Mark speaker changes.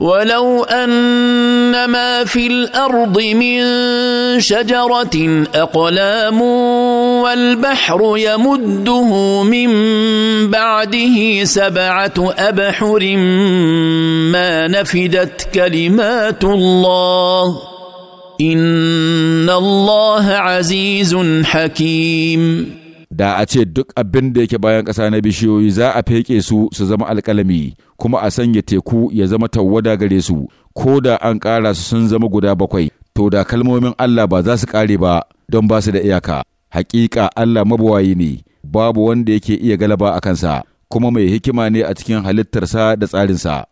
Speaker 1: ولو ان ما في الارض من شجره اقلام والبحر يمده من بعده سبعه ابحر ما نفدت كلمات الله ان
Speaker 2: الله عزيز حكيم da a ce duk abin da yake bayan ƙasa na bishiyoyi za a feke su su zama alƙalami kuma a sanya teku ya zama tawwada gare su ko da an ƙara su sun zama guda bakwai to da kalmomin Allah ba za su ƙare ba don ba su da iyaka haƙiƙa Allah mabawayi ne babu wanda yake iya galaba a kansa kuma mai hikima ne a cikin halittarsa da tsarinsa